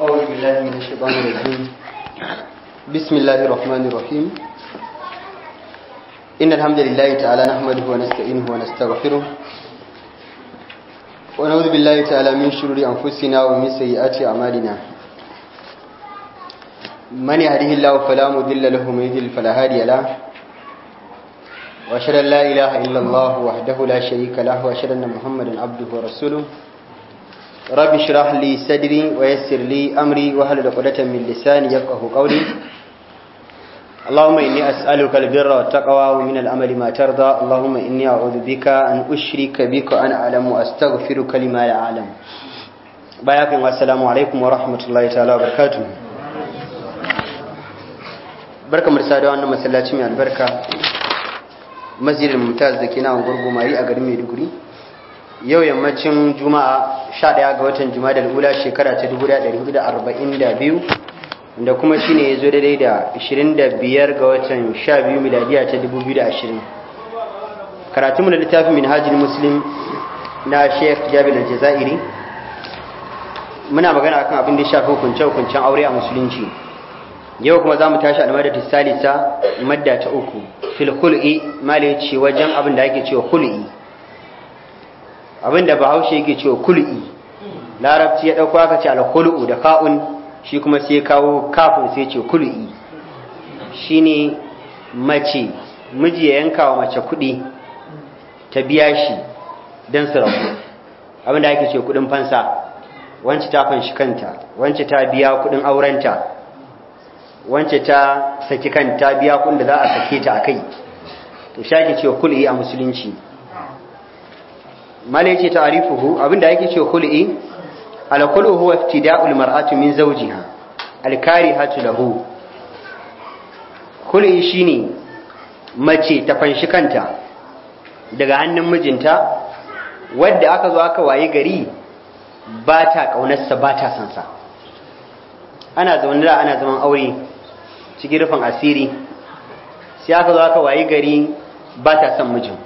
أعوذ بالله من الشيطان الرجيم بسم الله الرحمن الرحيم إن الحمد لله تعالى نحمده ونستعينه ونستغفره ونعوذ بالله تعالى من شرور أنفسنا ومن سيئات أعمالنا من يهده الله فلا مضل له ومن يضلل فلا هادي له وأشهد أن لا إله إلا الله وحده لا شريك له وأشهد أن محمدا عبده ورسوله رب اشرح لي صدري ويسر لي أمري واحلل عقدة من لساني يفقه قولي اللهم إني أسألك البر والتقوى ومن الأمل ما ترضى اللهم إني أعوذ بك أن أشرك بك أن أعلم وأستغفرك لما لا أعلم بياكم والسلام عليكم ورحمة الله تعالى وبركاته barka mu da wannan masallaci mai albarka masjidil mumtaz da ke nan gurgumari a garin Maiduguri yau yammacin juma'a 11 ga watan juma'a ula shekara ta 1442 da kuma shi ne ya zo daidai da 25 ga watan 12 miladiya ta 2020 karatunmu da littafin minhajin muslim na sheikh jabir al-jazairi muna magana akan abin da shafi hukunce-hukuncen aure a musulunci yau kuma za mu tashi tisali ta salisa madda ta uku fil khul'i mala ce wajen abin da ake cewa kul'i abinda bahaushe yake cewa kul'i larabci ya dauko aka ce alkul'u da ka'un shi kuma sai kawo kafin sai ce kul'i shine mace miji ya yanka wa mace kuɗi ta biya shi don su rabu abinda ake ce kuɗin fansa wance ta fanshi kanta wance ta biya kuɗin aurenta wance ta saki kanta biya kuɗin da za a sake ta a kai shi shake cewa kul'i a musulunci mala yake ta'arifuhu abinda yake ce khul'i al-khul'u huwa ibtida'ul mar'atu min zawjiha al-karihatu lahu khul'i shine mace ta fanshi kanta daga hannun mijinta wadda aka zo aka waye gari ba ta kaunarsa ba ta sansa ana zaune da ana zaman aure cikin rufin asiri sai aka zo aka waye gari ba ta son mijin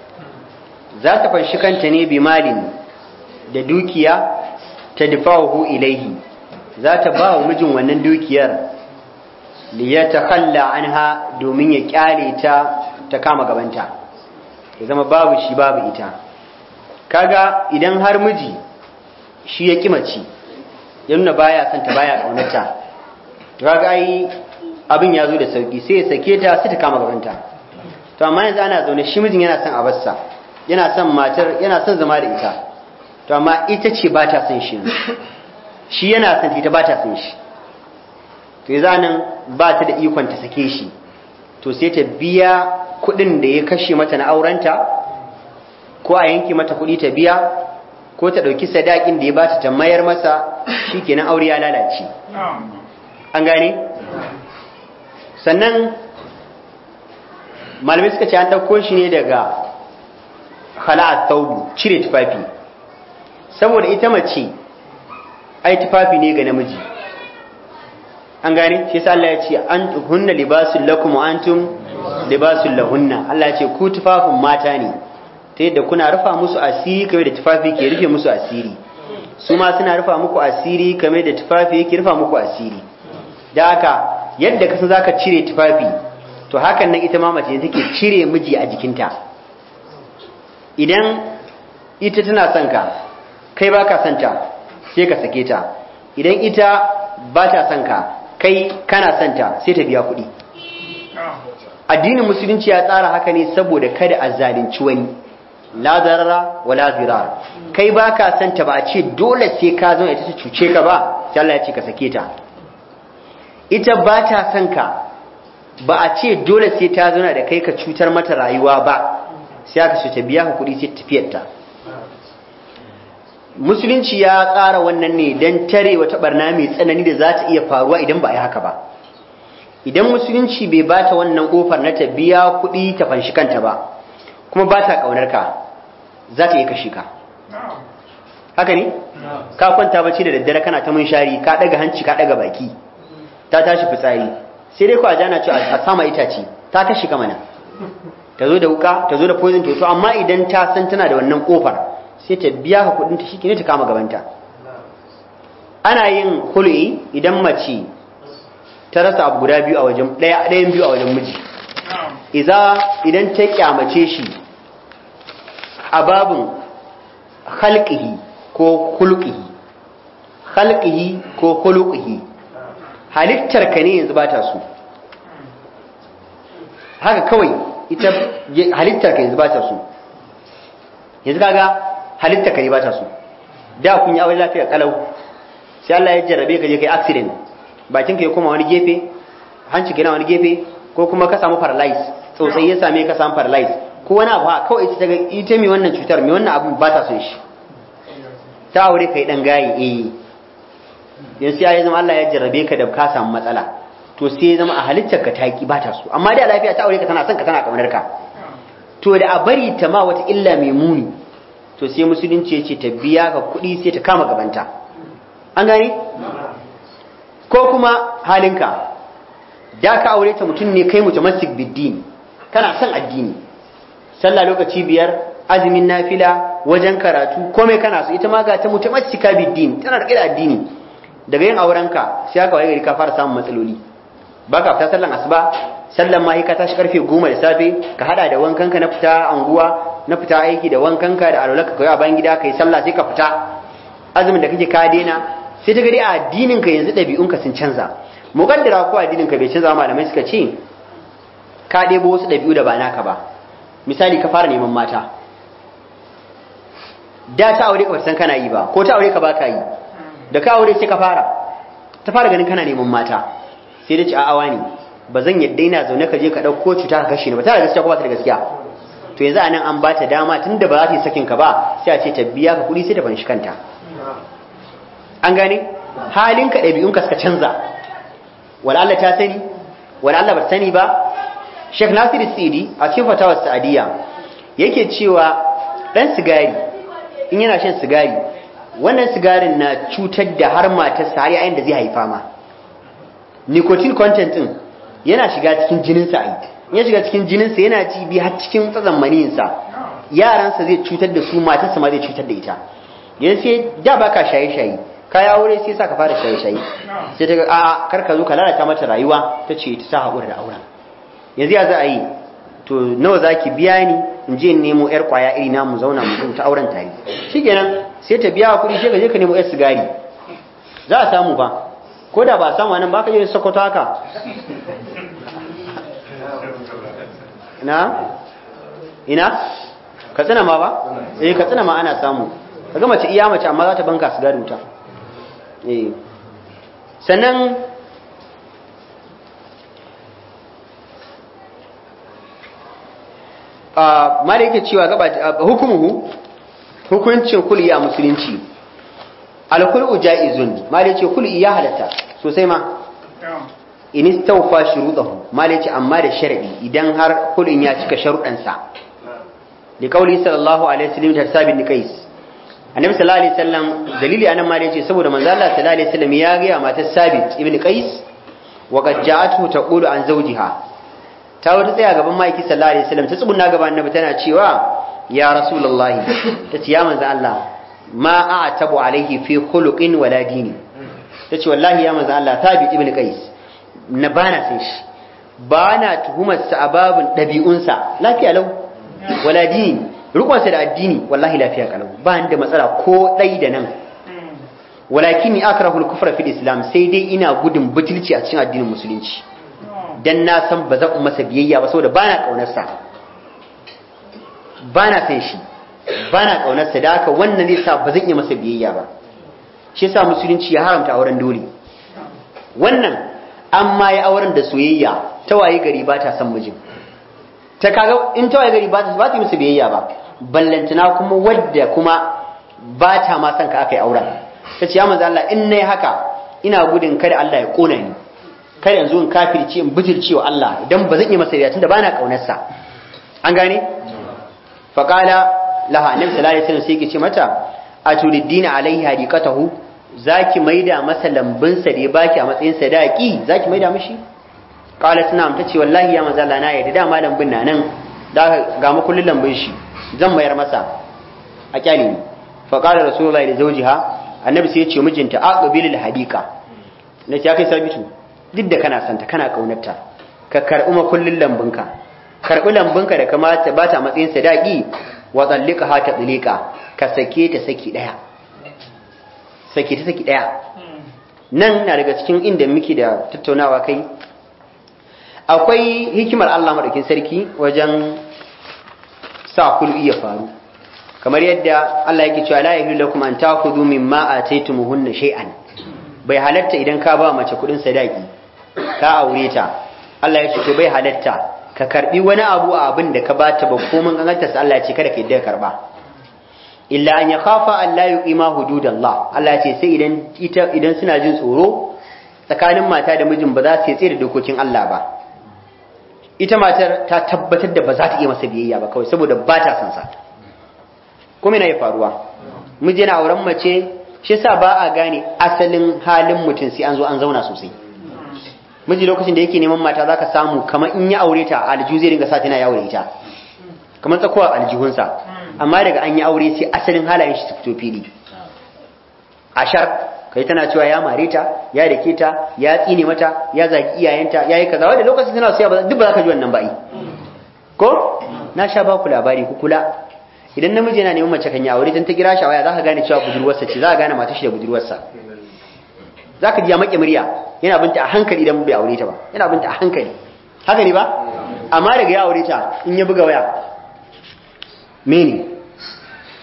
za ta fanshi kanta ne bi malin da dukiya ta difahu ilaihi za ta ba wa mijin wannan dukiyar liya ta kalla an ha domin ya kyale ta ta kama gabanta ya zama babu shi babu ita kaga idan har miji shi ya kimaci ya nuna baya son ta baya kaunarta kaga ai abin ya zo da sauki sai ya sake ta sai ta kama gabanta to amma yanzu ana zaune shi mijin yana son a barsa yana son matar yana son zama da ita to amma ita ce ba ta son shi shi yana son ita ba ta son shi to ya nan ba ta da ikon ta sake shi to sai ta biya kuɗin da ya kashe mata na aurenta ko a yanke mata kuɗi ta biya ko ta ɗauki sadakin da ya ba ta mayar masa shi aure ya lalace an gane sannan malamai suka ce an ɗauko shi ne daga khala'a thawbu cire tufafi saboda ita mace ai tufafi ne ga namiji an gane shi sa Allah ya ce an hunna libasul lakum wa antum libasul lahunna Allah ya ce ku tufafin mata ne ta yadda kuna rufa musu asiri kamar da tufafi ke rufe musu asiri su ma suna rufa muku asiri kame da tufafi yake rufa muku asiri da aka yadda ka san zaka cire tufafi to hakan nan ita ma mace take cire miji a jikinta idan ita tana son ka kai baka son ta sai ka sake ta idan ita ba ta son ka kai kana son ta sai ta biya kuɗi addinin musulunci ya tsara haka ne saboda kada a zalunci wani la darara wa la zirar kai baka son ta ba a ce dole sai ka zo ita ta cuce ka ba sai Allah ya ce ka sake ta ita ba ta son ka ba a ce dole sai ta zauna da kai ka cutar mata rayuwa ba sai aka ce ta biya ka kuɗi sai tafiyar ta musulunci ya ƙara wannan ne don tare wata barna mai tsanani da za ta iya faruwa idan ba a yi haka ba idan musulunci bai ba ta wannan ƙofar na ta biya kuɗi ta fanshi kanta ba kuma ba ta ƙaunar ka za ta iya kashe ka haka ne ka kwanta bacci da daddare kana ta shari, ka ɗaga hanci ka ɗaga baki ta tashi fitsari sai dai ku a jana ce a sama itace ta kashe ka mana Tazo da wuka tazo da poison to amma idan ta san tana da wannan kofar sai ta biya ka kudin ta shikine ta kama gabanta ana yin hul'i idan mace ta rasa abu guda biyu a wajen daya dayan biyu a wajen miji iza idan ta kyamace shi a babun khalqihi ko khulqihi khalqihi ko khuluqihi halittar ka ne yanzu ba ta so haka kawai ita halitta ka yanzu ba ta so yanzu kaga halitta ka ba ta so da kun yi aure lafiya kalau sai Allah ya jarrabe ka je kai accident bakin ka ya koma wani gefe hanci ka wani gefe ko kuma ka samu paralyze sosai ya same ka samu paralyze ko wani abu kawai ita ga ita mai wannan cutar mai wannan abu ba ta so shi ta aure kai dan gayi eh yanzu ya zama Allah ya jarrabe ka da ka samu matsala to sai zama a halittar ka taki ba ta so amma da lafiya ta aure ka tana son ka tana kamar ka to da a bari ta ma wata illa mai muni to sai musulunci ya ce ta biya ka kuɗi sai ta kama gabanta an gane ko kuma halinka da ka aure ta mutum ne kai masjid biddin kana son addini sallah lokaci biyar azumin nafila wajen karatu komai kana so ita ma ga ta mutamassika biddin tana da addini daga yin aurenka sai aka waye gari ka fara samun matsaloli baka fita sallan asuba sallan ma ka tashi karfe goma da safe ka hada da wankan ka na fita anguwa na fita aiki da wankan ka da alolaka ka kai a bayan gida kai sallah sai ka fita azumin da kake ka daina sai ta gari a addinin ka yanzu ɗabi'unka sun canza muqaddara ko addinin ka bai canza malamai suka ce ka ɗebo wasu ɗabi'u da ba naka ba misali ka fara neman mata da ta aure ka san kana yi ba ko ta aure ka ba ka yi da ka aure sai ka fara ta fara ganin kana neman mata sai da ci a awa ne ba zan yadda yana zaune ka je ka ɗauko cuta ka kashe ni ba tana gaskiya ko ba ta da gaskiya to yanzu anan an ba ta dama tunda ba za ta yi sakin ka ba sai a ce ta biya ka kuɗi sai ta fanshi kanta an gane ɗabi'un ka suka canza wala Allah ta sani wala Allah ba sani ba Sheikh Nasir Sidi a cikin fatawar Sa'adiyya yake cewa ɗan sigari in yana shan sigari wannan sigarin na cutar da har matarsa har yayin da zai haifa ma nicotine content din yana shiga cikin jininsa ai ya shiga cikin jininsa yana ci bi har cikin tsazan yaran yaransa zai cutar da su matarsa ma zai cutar da ita yanzu sai da baka shaye-shaye ka ya aure sai sa fara shaye-shaye sai ta a kar ka zo ka lalata mata rayuwa ta ce ta sa haƙura da auren yanzu ya za a yi to nawa zaki biya ni in je in nemo yar kwaya iri na mu zauna mu ta auren tare shikenan sai ta biya kuɗi sai ka je ka nemo yar sigari za a samu ba ko da ba samu wannan ba ka yi sokoto haka na ina ka tsina ma ba eh ka tsina ma ana samu kaga mace iya mace amma za ta banka su garuta eh sannan a ah, mara yake cewa gaba hukumuhu hukuncin kuliya musulunci alkul'u ja'izun mali yace iya ya halatta sosai ma in istawfa shurudahu mali yace amma da sharadi idan har Kulin ya cika sharudan sa li qawli sallallahu alaihi wasallam da sabin ni qais annabi sallallahu alaihi wasallam dalili anan mali yace saboda manzo Allah sallallahu alaihi wasallam ya ga matar sabit ibn qais wa qad ja'atuhu taqulu an zawjiha ta wata tsaya gaban maiki sallallahu alaihi wasallam ta tsuguna gaban annabi tana cewa ya rasulullahi ta ciya ya manzo Allah ma a'tabu alaihi fi khuluqin wala dini tace wallahi ya manzo Allah tabi ibn qais na bana san shi bana tuhumar sa ababun dabi'unsa lafiya lau wala dini rukun sa da addini wallahi lafiya kalau ba da matsala ko dai da nan walakin ni akrahu al-kufra islam sai dai ina gudun butulci a cikin addinin musulunci dan na san ba zan masa biyayya ba saboda bana kaunar sa bana san shi bana na ƙaunarsa da haka wannan zai sa ba zan iya masa biyayya ba shi yasa musulunci ya haramta auren dole wannan amma ya auren da soyayya ta waye gari ba ta san mijin ta kaga in ta waye gari ba ta yi masa biyayya ba ballantana kuma wadda kuma ba ta ma san ka aka yi auren ta ce ya manzo Allah in nayi haka ina gudun kada Allah ya kona ni kada yanzu in kafirce in bijirce wa Allah idan ba zan yi masa biyayya tunda bana kaunar sa an gane faqala laha annabi sallallahu alaihi wasallam sai yake ce mata aturiddina alaihi hadiqatahu zaki maida masa lambun sa da ya baki a matsayin sadaki zaki maida mishi qalat na'am tace wallahi ya manzo Allah na yarda da malam na nan da ga mu kullun lambun shi zan mayar masa a kyale ne, fa qala rasulullahi li zawjiha annabi sai ya ce mijinta aqbilil hadiqa nace ya kai sabitu duk da kana santa kana kaunarta ka karɓi ma kullun lambunka karɓi lambunka da kamata ba ta matsayin sadaki wa tsallika ha ta tsallika ka sake ta saki ɗaya sake ta saki ɗaya nan na daga cikin inda muke da tattaunawa kai akwai hikimar Allah maɗaukin sarki wajen sa kul'i ya faru kamar yadda Allah yake cewa la yahillu lakum an ta'khudhu mimma ataytumuhunna shay'an bai halatta idan ka ba mace kudin sadaki ka aure ta Allah ya ce to bai halatta ka karbi wani abu a abin da ka bata ba komin ganganta Allah ya ce kada ka yadda ka karba illa an yakhafa an la yuqima hududallah Allah ya ce sai idan idan suna jin tsoro tsakanin mata da mijin ba za su tsere dokokin Allah ba ita matar ta tabbatar da ba za ta iya masa biyayya ba kawai saboda ba ta san sa kuma yana faruwa miji yana auren mace shi sa ba a gane asalin halin mutum sai an zo an zauna sosai miji lokacin da yake neman mata zaka samu kamar in ya aure ta aljihu zai dinga sa tana yawo da ita kamar aljihun sa amma daga an yi aure sai asalin halayen shi su fito fili ashar kai tana cewa ya mare ta ya dake ta ya tsine mata ya zagi iyayenta ya yi kaza wanda lokacin tana so ya duk ba za ka ji wannan ba ko na sha ba ku labari ku kula idan namiji yana neman mace kan yi aure don ta kira shi waya za ka gane cewa budurwarsa ce za ka gane matar shi da budurwarsa za ka ji ya maƙe murya yana binta a hankali idan bai aure ta ba yana binta a hankali haka ne ba amma daga ya aure ta in ya buga waya mene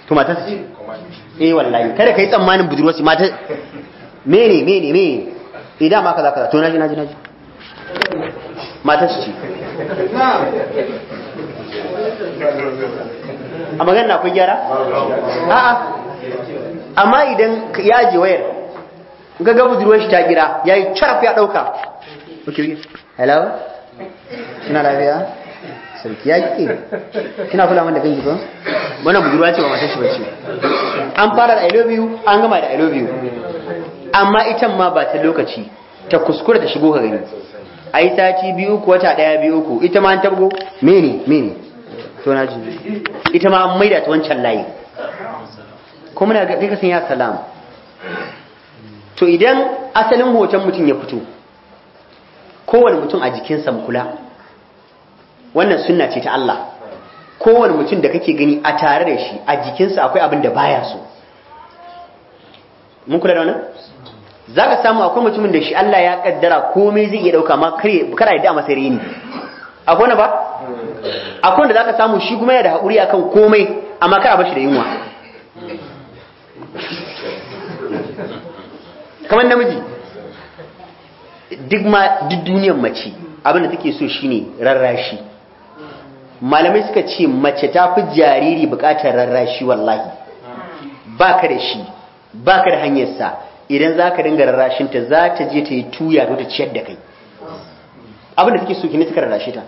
to mata su ce eh wallahi kada ka yi tsammanin su mata mene mene mene idan eh, ma kaza kaza to naji naji naji mata su ce a magana akwai gyara a'a amma idan ya je wayar in ka ga budurwar shi ta gira yayi charaf ya dauka Ok, hello kina lafiya sarki ya kike kina kula mana da kanki ba wannan budurwa ce ba matar shi bace an fara da i love you an gama da i love you amma ita ma ba ta lokaci ta kuskura ta shigo ka gani ai sati biyu ko wata daya biyu ko ita ma an tabgo mene mene to na ji ita ma an maida ta wancan layi kuma na ga kai ka san ya salam to idan asalin hoton mutum ya fito kowane mutum a jikinsa mu kula wannan sunna ce ta Allah kowane mutum da kake gani a tare da shi a jikinsa akwai abin da baya so mun kula da wannan ka samu akwai mutumin da shi Allah ya kaddara komai zai iya dauka ma kare kara yadda masa reni akwai na ba akwai wanda za ka samu shi kuma yana da a akan komai amma kar a bashi da yunwa kamar namiji duk ma duk duniyar mace abin da take so shine rarrashi malamai suka ce mace ta fi jariri bukatar rarrashi wallahi baka da shi baka da hanyarsa idan za ka dinga rarrashinta za ta je ta yi tuya ta ciyar da kai abin da take so kini suka rarrashi ta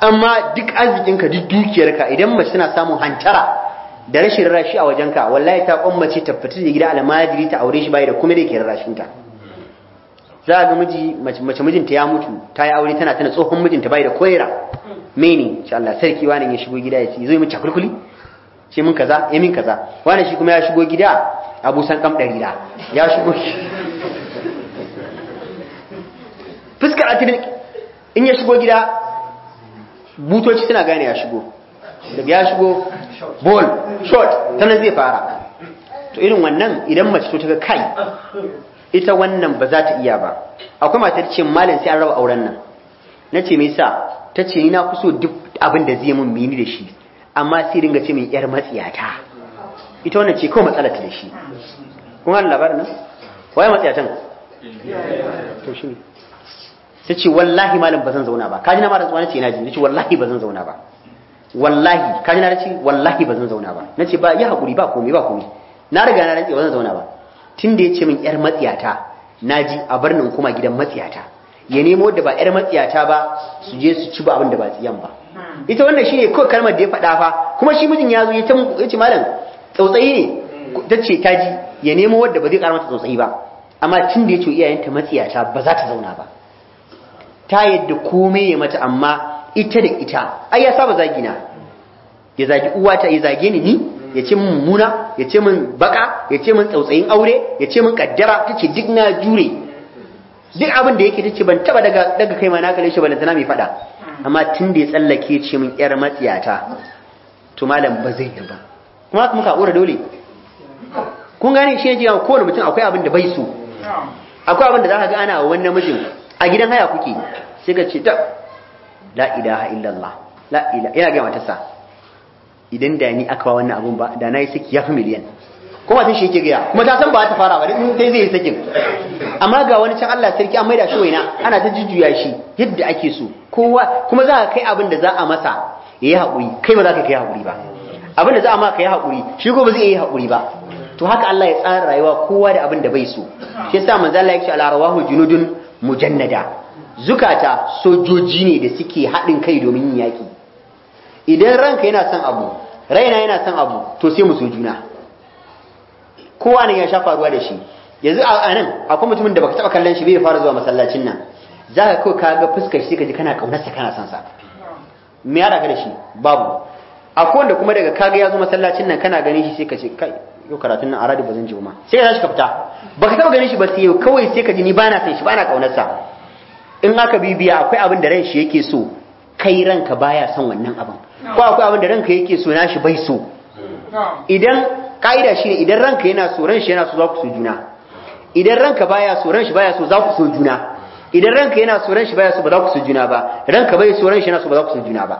amma duk arzikinka duk dukiyarka idan mace tana samun hantara da rashin rashi a wajenka wallahi ta kwammace ta fita da gida almajiri ta aure shi bai da kuma da ke rashinta za a ga miji mace mijinta ya mutu ta yi aure tana tana tsohon mijinta bai da koyara. mene shi Allah sarki wani ya shigo gida ya ce zai mace cakulkuli shi mun kaza ya min kaza wani shi kuma ya shigo gida abu san kam dari da ya shigo fuskar atirik in ya shigo gida butoci suna gane ya shigo daga ya shigo ball shot tana zai fara to irin wannan idan mace to ta kai ita wannan ba za ta iya ba akwai ta ce malam sai an raba auren nan na ce me yasa ta ce ni na kuso duk abin da zai mun mini da shi amma sai dinga ce min yar matsiyata ita wannan ce ko matsala ta da shi kun ga labarin nan waye matsiyatan to shi ne ta ce wallahi malam ba zan zauna ba kaji na ma rantsuwa na ce ina ji ta ce wallahi ba zan zauna ba wallahi kaji na ce wallahi ba zan zauna ba na ce ba yi hakuri ba komai ba komai na riga na rantse ba zan zauna ba tun da ya ce min yar matsiyata na ji a barnin kuma gidan matsiyata ya nemo da ba yar matsiyata ba su je su ci ba abin da ba tsiyan ba hmm. ita wannan shine kawai kalmar da ya faɗa fa kuma shi mijin ya zo ya ce malam tsautsayi ne hmm. ta ce ta ji ya nemo wadda ba zai ƙara mata tsautsayi ba amma tun da ya ce iyayenta matsiyata ba za ta zauna ba ta yadda komai ya mata amma ita da ita ai ya saba zagi na ya zagi uwata ya zage ni ni ya ce min muna ya ce min baka ya ce min tsautsayin aure ya ce min kaddara tace duk na jure duk abin da yake tace ban taba daga daga kai ma na kalle shi balantana mai fada amma tun da ya tsallake ce min yar matsiyata to malam ba zai yi ba kuma muka hakura dole kun gane shi ne jiya kowane mutum akwai abin da bai so akwai abin da za ka ga ana wa wannan mijin a gidan haya kuke sai ka ce ta la ilaha illallah la ila ya ga sa idan da ni aka wannan abun ba da nayi saki fi miliyan kuma tun shi yake ga kuma ta san ba ta fara ba din sai zai yi sakin amma ga wani can Allah sarki an maida shi waina ana ta jujjuya shi yadda ake so kowa kuma za ka kai abin da za a masa yayi hakuri kai ba za ka kai hakuri ba abin da za a maka yayi hakuri shi ko ba zai yi hakuri ba to haka Allah ya tsara rayuwa kowa da abin da bai so shi yasa manzo Allah ya ce al-arwahu junudun mujannada zukata sojoji ne da suke haɗin kai domin yin yaƙi idan ranka yana son abu raina yana son abu to sai mu so juna kowa ne ya sha faruwa da shi yanzu a nan akwai mutumin da baka taɓa kallon shi bai fara zuwa masallacin nan za ka kawai ka ga fuskar shi ka ji kana ƙaunarsa kana son sa me ya ka da shi babu akwai wanda kuma daga kaga ya zo masallacin nan kana ganin shi sai ka ce kai yau karatun nan a radi ba zan je ma sai ka tashi ka fita baka taɓa ganin shi ba sai kawai sai ka ji ni bana son shi bana ƙaunarsa in aka bibiya akwai abin da ran shi yake so kai ranka baya son wannan abin ko akwai abin da ranka yake so nashi bai so idan ka'ida ne idan ranka yana so ran shi yana so za ku so juna idan ranka baya so ran shi baya so za ku so juna idan ranka yana so ran shi baya so ba za ku so juna ba ranka bai so ran shi yana so ba za ku so juna ba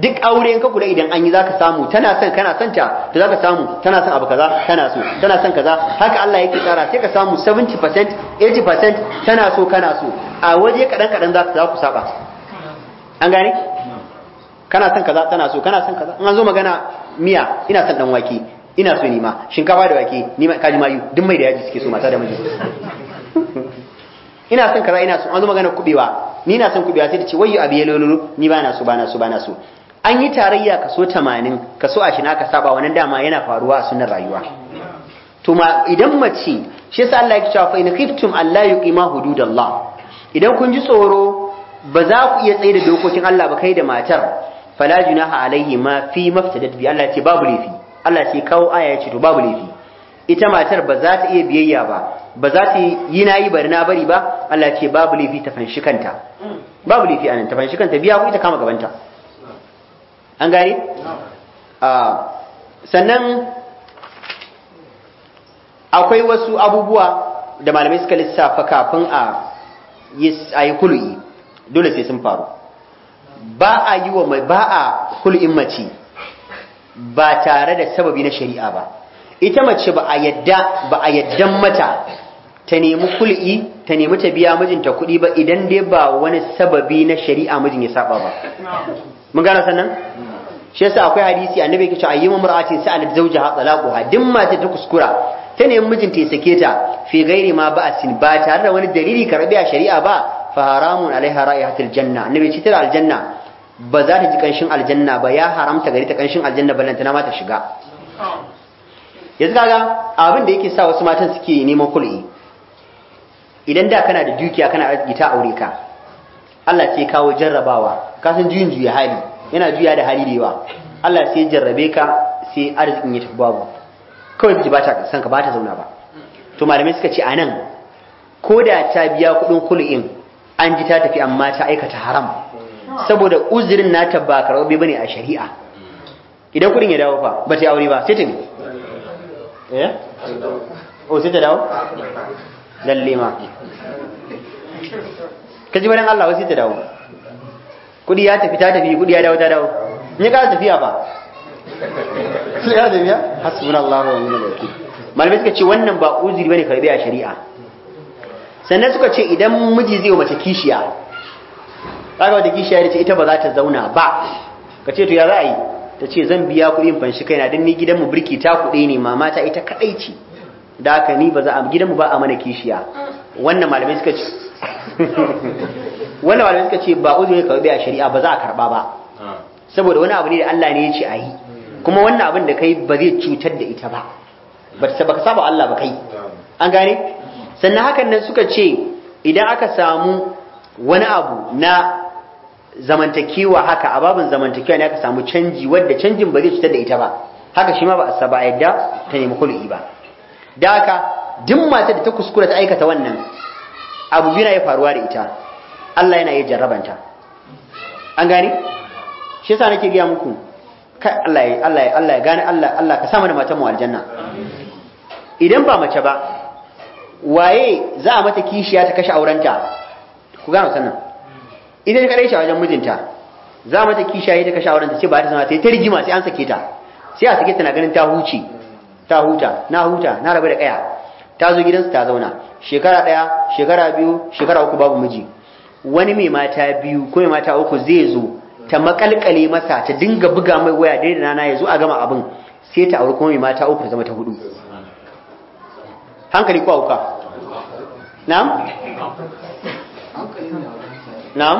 duk aure in ka kula idan an yi zaka samu tana son kana son ta to zaka samu tana son abu kaza tana so tana son kaza haka Allah yake tsara sai ka samu 70% 80% tana so kana so a waje kadan kadan zaka za ku saba an gane kana son kaza tana so kana son kaza in an zo magana miya ina son dan wake ina so nima shinkafa da wake ni kaji mayu duk mai da yaji suke so mata da miji ina son kaza ina so an zo magana kubewa ni na son kubewa sai ta ce wayyo abi yelolo ni ba na so ba na so ba na so an yi tarayya kaso 80 kaso 20 aka saba wannan dama yana faruwa a sunan rayuwa to ma idan mace shi yasa Allah ya cewa fa in khiftum alla yuqima hududallah idan kun ji tsoro ba za ku iya tsaye da dokokin Allah ba kai da matar fala junaha alaihi ma fi maftadat bi Allah ce babu laifi Allah ce kawo aya ce to babu laifi ita matar ba za ta iya biyayya ba ba za ta yi nayi bari na bari ba Allah ce babu laifi ta fanshi kanta babu laifi anan ta fanshi kanta biya ku ita kama gabanta an gane ah, sannan akwai wasu abubuwa da malamai suka lissafa kafin a yi kulu'i dole sai sun faru ba a yi wa mai ba a kulu'in mace ba tare da sababi na shari'a ba ita mace ba a yadda ba a yaddan mata ta nemi kul'i ta nemi ta biya mijinta kuɗi ba idan dai ba wani sababi na shari'a mijin ya saba ba mun gane sannan hmm. shi yasa akwai hadisi annabi yake cewa ayyuma mar'atin sa'alat zawjaha talaquha duk mace ta kuskura ta nemi mijinta ya sake ta fi gairi ma ba'sin ba tare da wani dalili karbi a shari'a ba fa haramun alaiha ra'ihatul janna annabi ce tana aljanna ba za ta ji kanshin aljanna ba ya haramta gari ta kanshin aljanna lantana ma ta shiga yanzu kaga abin da yake sa wasu matan suke neman kul'i idan da kana da dukiya kana arziki ta aure ka Allah ce kawo jarrabawa kasan san juyin juya hali yana juya da hali da yawa Allah sai jarrabe ka sai arzikin ya tafi babu kawai miji ba ta san ka ba ta zauna ba to malamai suka ce anan ko da ta biya kuɗin kul'in an ji ta tafi amma ta aikata haram saboda uzurin nata ba karɓe bane a shari'a idan kuɗin ya dawo fa ba ta yi aure ba sai ta eh o oh, sai ta dawo lalle ma kaji bayan Allah sai ta dawo kudi ya tafi ta tafi kudi ya dawo ta dawo ni ka tafiya ba sai ya tafiya hasbunallahu wa ni'mal wakeel malamai suka ce wannan ba uzuri bane karbi a shari'a sannan suka ce idan miji zai mace kishiya kaga wata kishiya ce ita ba za ta zauna ba ka ce to ya za yi ta ce zan biya kuɗin fanshi kaina don ni gidanmu birki ta kuɗi ne mama ta ita kadai ce da haka ni ba za a gidanmu ba a mana kishiya wannan malamai suka ce wannan malamai suka ce ba uzuri ka a shari'a ba za a karba ba saboda wani abu ne da Allah ne ya ce a yi kuma wannan abin da kai ba zai cutar da ita ba ba ta baka saba Allah ba kai an gane sannan hakan nan suka ce idan aka samu wani abu na zamantakewa haka a babin zamantakewa ne aka samu canji wadda canjin ba zai cutar da ita ba haka shi ma ba a saba yadda ta nemi kul'i ba da haka duk matar da ta kuskura ta aikata wannan abu biyu ya iya faruwa da ita Allah yana iya jarrabanta an gane shi yasa nake gaya muku kai Allah ya Allah ya Allah ya gane Allah Allah ka sa mana matan mu aljanna idan ba mace ba waye za a mata kishiya ta kashe aurenta ku gano sannan idan ka a wajen mijinta za a mata kishiya ta kashe aurenta ce ba ta zama ta yi ta rigima sai an sake ta sai a sake ta na ganin ta huce ta huta na huta na rabu da kaya ta zo gidansu ta zauna shekara ɗaya shekara biyu shekara uku babu miji wani mai mata biyu ko mai mata uku zai zo ta makalkale masa ta dinga buga mai waya dai da nana ya zo a gama abin sai ta auri kuma mai mata uku ta zama ta hudu hankali ko auka na'am na'am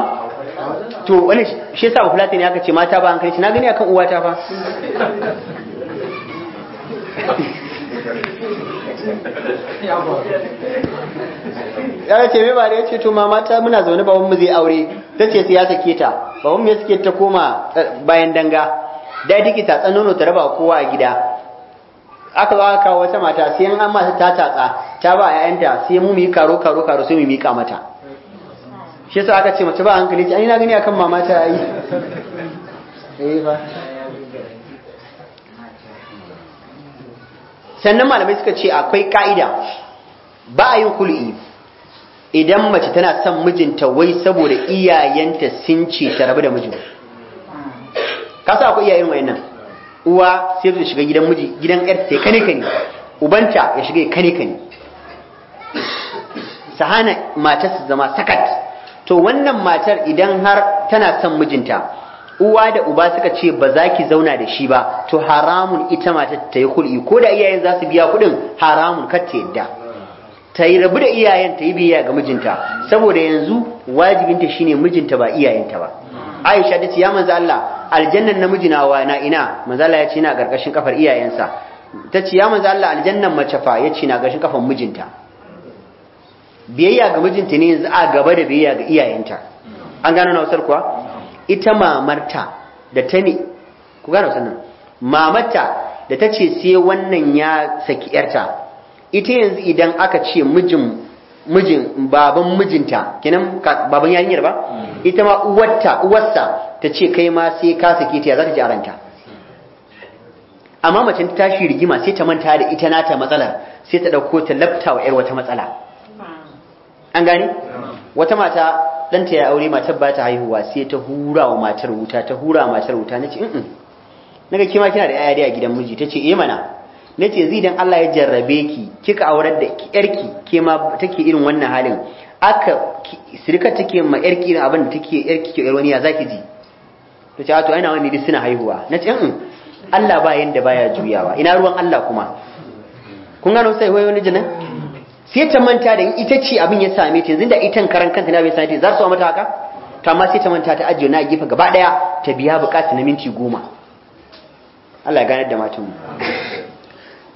to wani shi yasa ba fulatin ne aka ce mata ba hankali na gani akan uwata fa Ya ce mai bare ya ce to mama ta muna zaune babanmu mu zai aure ta ce sai ya sake ta ba mu ya sake ta koma eh, bayan danga da diki ta tsanono ta raba kowa a gida aka zo aka kawo wata mata sai an an mata ta tatsa ta ba ƴaƴanta sai mu mu karo karo karo sai mu mika mata shi yasa aka ce mace ba hankali ce an yi na gani akan mama ta yi eh sannan malamai suka ce akwai ka'ida ba a yin kul'i idan mace tana son mijinta wai saboda iyayenta sun ce ta rabu da mijin ka sa akwai iyayen wayannan uwa sai ta shiga gidan miji gidan yar ta kane kane ubanta ya shiga kane kane sahana matar su zama sakat to wannan matar idan har tana son mijinta uwa da uba suka ce ba za ki zauna da shi ba to haramun ita mata ta yi hul'i ko da iyayen za su biya kuɗin haramun kar ta yadda ta yi rabu da iyayen ta yi biyayya ga mijinta saboda yanzu wajibinta shine mijinta ba iyayenta ba Aisha ta ce ya manzo Allah aljannan na mijina wa na ina manzo Allah ya ce ina karkashin kafar iyayensa ta ce ya manzo Allah aljannan mace fa ya ce ina karkashin kafar mijinta biyayya ga mijinta ne yanzu a gaba da biyayya ga iyayenta an gano na wasar kuwa ita mamarta da ta ne ku gane sannan mamarta da ta ce sai wannan ya saki yarta ita yanzu idan aka ce mijin mijin baban mijinta kenan baban yarinyar ba mm. ita ma uwarta uwarsa ta ce kai ma sai ka saki ta za ta ji aranta amma mace ta tashi rigima sai ta manta da ita nata matsalar sai ta dauko ta lafta wa yar wata matsala an gane wata mata ta ya aure matar ba ta haihuwa sai ta hura wa matar wuta ta hura matar wuta nace in naga kima kina da yaya a gidan miji tace eh mana nace zai dan Allah ya jarrabe ki kika aurar da yarki ke ma take irin wannan halin aka sirka take ma yarki irin abin da take yarki ke wani ya zaki ji to ce to ina wani din suna haihuwa nace in Allah ba yanda baya juyawa ina ruwan Allah kuma kun gano sai wai wani jinin sai ta manta da ita ce abin ya same ta yanzu da itan karan kanta na bai sanata za su mata haka to amma sai ta manta ta ajiye na gefe gaba daya ta biya bukata na minti goma Allah ya ganar da matan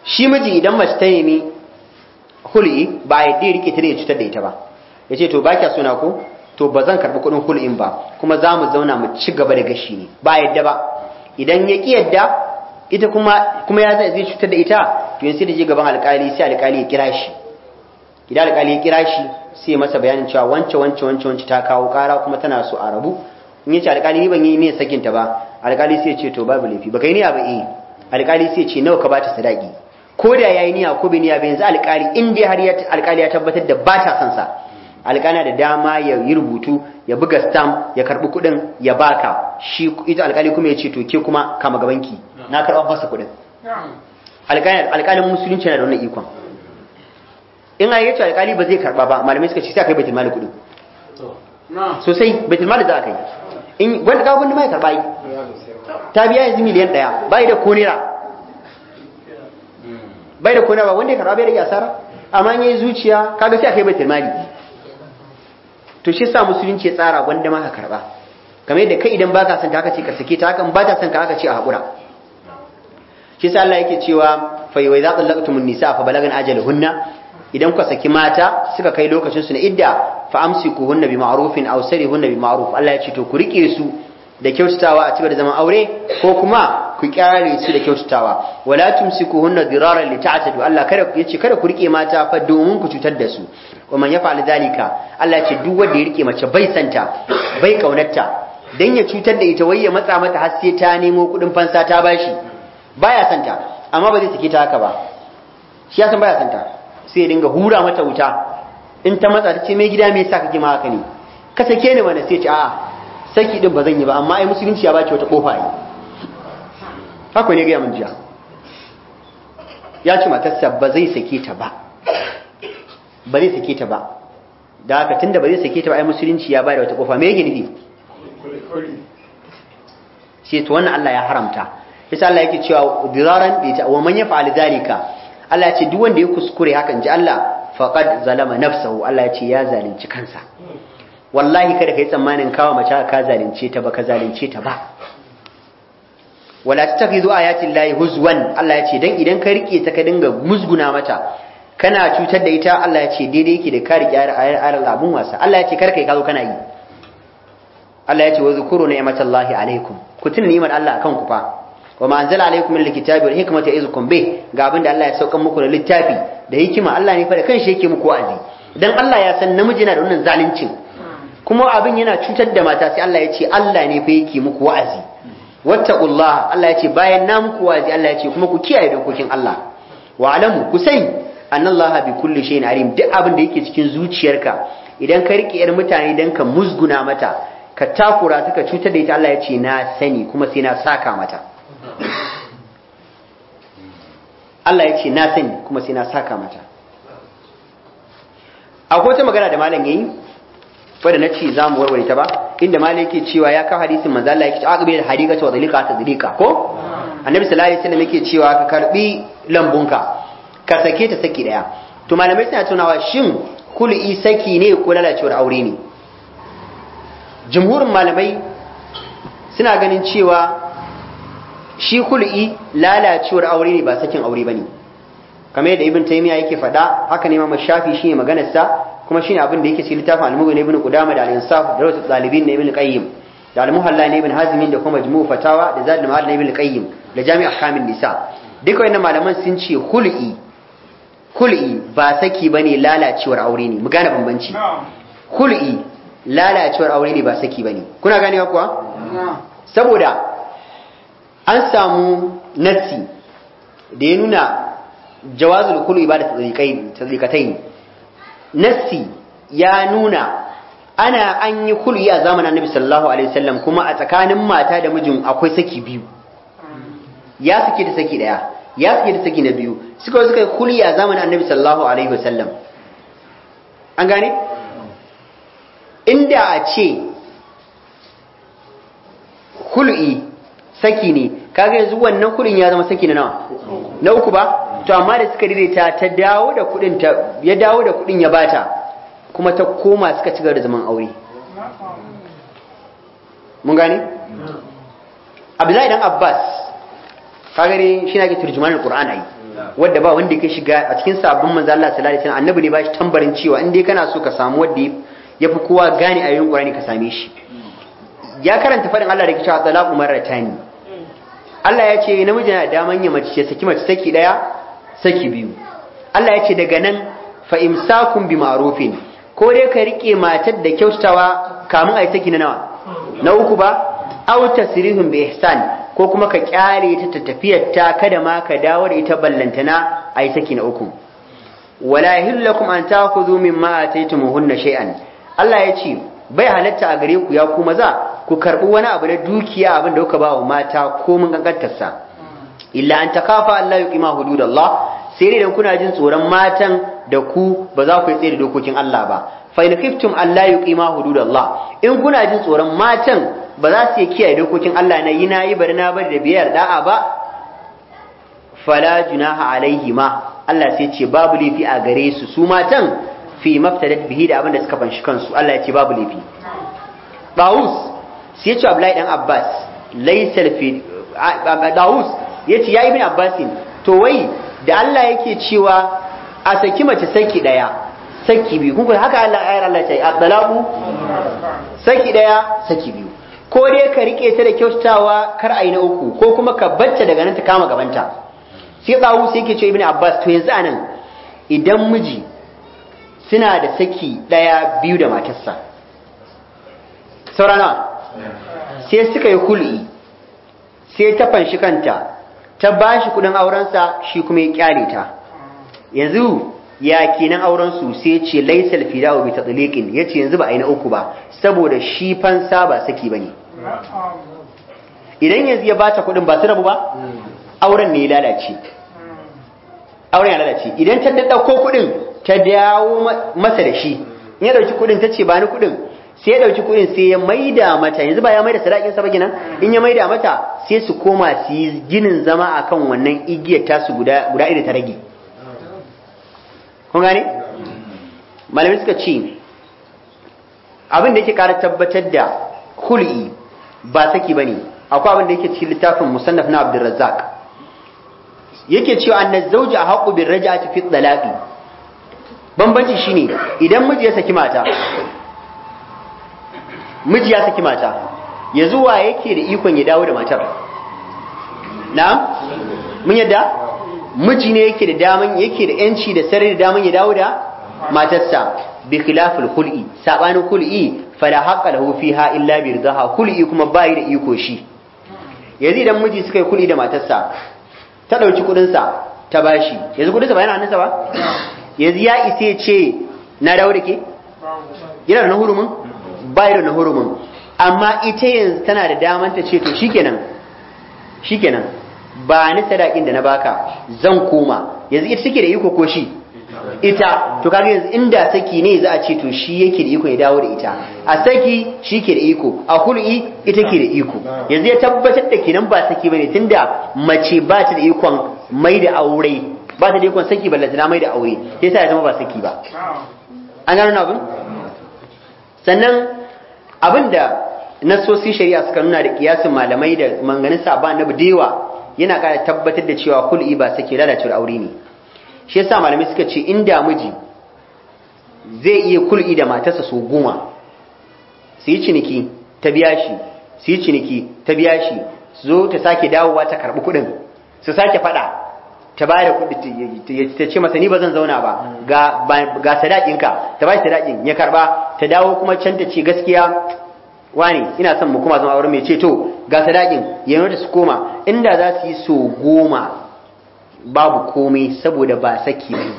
shi miji idan mace ta nemi hul'i ba ya dai rike ta da ya cutar da ita ba ya ce to ba kya suna ko to ba zan karɓi kuɗin hul'in ba kuma za mu zauna mu ci gaba da gashi ne ba yadda ba idan ya ƙi yadda ita kuma ya zai cutar da ita to yin sai da je gaban alƙali sai alƙali ya kira shi idan alƙali ya kira shi sai masa bayanin cewa wance wance wance wance ta kawo ƙara kuma tana so a rabu in yace alƙali ni ban yi ne sakin ta ba alƙali sai ya ce to babu laifi baka yi niyya ba eh alƙali sai ya ce nawa ka bata sadaki ko da yayi niyya ko bai niyya ba yanzu alƙali in dai har alƙali ya tabbatar da ba ta son sa alƙali da dama ya yi rubutu ya buga stamp ya karbi kuɗin ya baka shi ita alƙali kuma ya ce to ke kuma kama gabanki na karɓar masa kuɗin alƙalin musulunci na da wannan ikon in yi yace alƙali ba zai karɓa ba malamai suka ce sai kai baitul mali sosai baitul mali za a kai in wanda ga wanda mai karɓa yi ta biya yanzu miliyan ɗaya bai da konira bai da konira ba wanda ya karɓa bai rage asara amma in yi zuciya kaga sai akai baitul mali to shi sa musulunci ya tsara wanda ma ka karɓa kamar yadda kai idan baka son ka haka ce ka sake ta hakan baka son ka haka ce a haƙura shi sa Allah yake cewa fa yawai za tsallaqtumun nisa fa balagan ajaluhunna idan kuka saki mata suka kai lokacin su na idda fa hunna bi ma'rufin aw sarihunna bi ma'ruf Allah ya ce to ku rike su da kyautatawa a cigaba zaman aure ko kuma ku kyare su da kyautatawa wala tumsikuhunna diraran ta'tadu Allah kada ku yace kada ku rike mata fa domin ku cutar da su wa man yaf'al dalika Allah ya ce duk wanda ya rike mace bai santa bai kaunarta dan ya cutar da ita wai matsa mata har sai ta nemo kudin fansa ta bashi baya santa amma ba zai sake ta haka ba shi ya san baya santa sai ya dinga hura mata wuta in ta matsa ta ce mai gida me yasa kake ma haka ne ka sake ni wani sai ce a'a saki din ba zan yi ba amma ai musulunci ya bace wata kofa yi haka ne ga mun jiya ya ce matarsa ba zai sake ta ba ba zai sake ta ba da haka tunda ba zai sake ta ba ai musulunci ya bada wata kofa me yake nufi sai to wannan Allah ya haramta yasa Allah yake cewa dizaran bi ta wa man yaf'al dhalika Allah ya ce duk wanda ya kuskure hakan ji Allah faqad zalama nafsahu Allah ya ce ya zalunci kansa wallahi kada kai tsammanin kawa mace ka zalunce ta ba ka zalunce ta ba wala tattakhizu ayati llahi huzwan Allah ya ce dan idan ka rike ta ka dinga musguna mata kana cutar da ita Allah ya ce daidai yake da ka rike ayar abun wasa Allah ya ce kar kai ka zo kana yi Allah ya ce wa zukuru ni'matallahi alaikum kutun tun ni'mar Allah akan ku fa wa ma anzala alaykum alkitaba wal hikmata ya'izukum bih ga abinda Allah ya saukan muku da littafi da hikima Allah ne fa da kanshi yake muku wa'azi dan Allah ya san namiji na da wannan zalincin kuma abin yana cutar da mata sai Allah ya ce Allah ne fa yake muku wa'azi wattaqullaha Allah ya ce bayan na muku wa'azi Allah ya ce kuma ku kiyaye dokokin Allah wa alamu ku sai annallaha bi kulli shay'in alim duk abin da yake cikin zuciyarka idan ka rike yar mutane dan ka musguna mata ka takura suka cutar da ita Allah ya ce na sani kuma sai na saka mata Allah ya ce na sani kuma sai na saka mata akwai wata magana da malam yayi wadda na ce za mu warware ta ba inda malam yake cewa ya kawo hadisin manzo Allah yake cewa aqbil hadika ta zalika ta zalika ko annabi sallallahu alaihi wasallam yake cewa ka karbi lambunka ka sake ta saki daya to malamai suna tunawa shin kul'i saki ne ko lalacewar aure ne jumhurin malamai suna ganin cewa shi kul'i lalacewar aure ne ba sakin aure bane kamar yadda ibn taymiya yake faɗa haka ne imam shafi shine maganar sa kuma ne abin da yake cikin littafin al-mughni ibn qudama da al-insaf da rawat na ibn qayyim da al-muhalla ibn hazm da kuma majmu' fatawa da zadul ma'ad ibn qayyim da jami'a ahkamin nisa duka wannan malaman sun ce kul'i kul'i ba saki bane lalacewar aure ne mu gane bambanci kul'i lalacewar aure ne ba saki bane kuna ganewa kuwa saboda an samu nassi da ya nuna jawazul kullu ibada tazlikatai nassi ya nuna ana an yi kulli a zamanin annabi sallallahu alaihi wasallam kuma a tsakanin mata da mijin akwai saki biyu ya saki da saki daya ya saki da saki na biyu suka suka yi kulli a zamanin annabi sallallahu alaihi wasallam an gane inda a ce kul'i saki ne kaga yanzu wannan kudin ya zama saki na nawa na uku ba to amma da suka daidaita ta dawo da kudin ta ya dawo da kudin ya bata kuma ta koma suka ci da zaman aure mun gane Abdullahi dan Abbas kaga ne shi na ke turjumanul Qur'an ai wanda ba wanda yake shiga a cikin sabbin manzo Allah sallallahu alaihi wasallam annabi ne ba shi tambarin cewa in dai kana so ka samu wanda yafi kowa gane ayoyin Qur'ani ka same shi ya karanta faɗin Allah da ke cewa talaqu marratani Allah ya ce namiji na daman ya mace saki mace saki daya saki biyu Allah ya ce daga nan fa imsakum bi ma'rufin ko dai ka rike matar da kyautawa kamun ai saki na nawa na uku ba aw tasrihum bi ihsan ko kuma ka kyale ta ta tafiyar ta kada ma ka dawo da ita ballantana ai saki na uku wala yahillakum an ta'khudhu mimma ataytumuhunna shay'an Allah ya ce bai halatta a gare ku ya ku maza ku karɓi wani abu na dukiya abin da kuka ba wa mata ko mun kankantarsa illa an takafa Allah ya kima hududallah sai dai dan kuna jin tsoron matan da ku ba za ku yi tsaye da dokokin Allah ba fa in khiftum Allah ya kima hududallah in kuna jin tsoron matan ba za su kiyaye dokokin Allah na yi na yi bari na bari da biyar da'a ba fala junaha alaihima Allah sai ce babu laifi a gare su su matan fi maftadat bihi da abin da suka fanshi kansu Allah ya ce babu laifi Tawus sai ce Abdullahi dan Abbas laysal fi Dawus yace ya ibn Abbas to wai da Allah yake cewa a saki mace saki daya saki biyu kun haka Allah ayar Allah ta a saki daya saki biyu ko dai ka rike ta da kyautawa kar ayi na uku ko kuma ka bacce daga nan ta kama gabanta sai Dawus yake ce ibn Abbas to yanzu anan idan miji suna da saki daya biyu da matarsa saurana sai suka yi kul'i sai ta fanshi kanta ta ba shi kudin aurensa shi kuma ya kyale ta yanzu ya kenan auren sai ce laisal fida'u bi tadliqin yace yanzu ba a yi na uku ba saboda shi fansa ba saki bane idan yanzu ya bata kudin ba su rabu ba auren ne ya lalace auren ya lalace idan ta dauko kudin ta dawo masa da shi in ya dauki kudin ta ce ba ni kudin sai ya dauki kuɗin sai ya maida mata yanzu ba ya maida sadakin sa ba kenan in ya maida mata sai su koma su yi ginin zama akan wannan igiyar su guda guda ida ta rage kun gane malamai suka ce abin da yake ƙara tabbatar da hul'i ba saki bane akwai abin da yake cikin littafin musannaf na Abdulrazzaq yake cewa annaz zawju ahqqu bir raj'ati fi talaqi bambanci shine idan miji ya saki mata miji ya saki mata ya wa yake da ikon ya dawo da matar na mun yadda miji ne yake da daman yake da yanci da sarari da daman ya dawo da matarsa bi khilafil khul'i sabani khul'i fala haqqa lahu fiha illa bi ridaha khul'i kuma bai da iko shi yanzu idan miji suka yi khul'i da matarsa ta dauki kudin sa ta bashi yanzu kudin sa ba yana hannunsa ba yanzu ya ise ce na dawo da ke yana da na hurumin Bayar na hurumin amma ita yanzu tana da daman ta ce to shikenan shikenan ba ni sadakin da na baka zan koma yanzu ita take da iko ko shi ita to kaga yanzu inda saki ne za a ce to shi yake da iko ya dawo da ita a saki shi ke da iko a hul'i ita ke da iko yanzu ya tabbatar da kenan ba saki bane tunda mace ba ta da ikon mai da aure ba ta da ikon saki ballantana mai da aure sai ya zama ba saki ba an gano abin sannan abin abinda nasosi shari'a suka nuna da kiyasin malamai da manganin ba na dewa yana kara tabbatar da cewa kul'i ba sake lalacewar aure ne shi yasa malamai suka ce inda miji zai iya kul'i da matarsa su goma su yi ciniki ta biya shi su yi ciniki ta biya shi su zo ta sake dawowa ta karɓi kuɗin su sake faɗa ta bayar kuɗi ta ce masa ni ba zan zauna ba ga sadaƙinka ta bashi sadakin ya karba ta dawo kuma can ta ce gaskiya wani ina son mu kuma zama auren mai ce to ga sadakin ya nuna su koma inda za su yi so goma babu komai saboda ba saki ne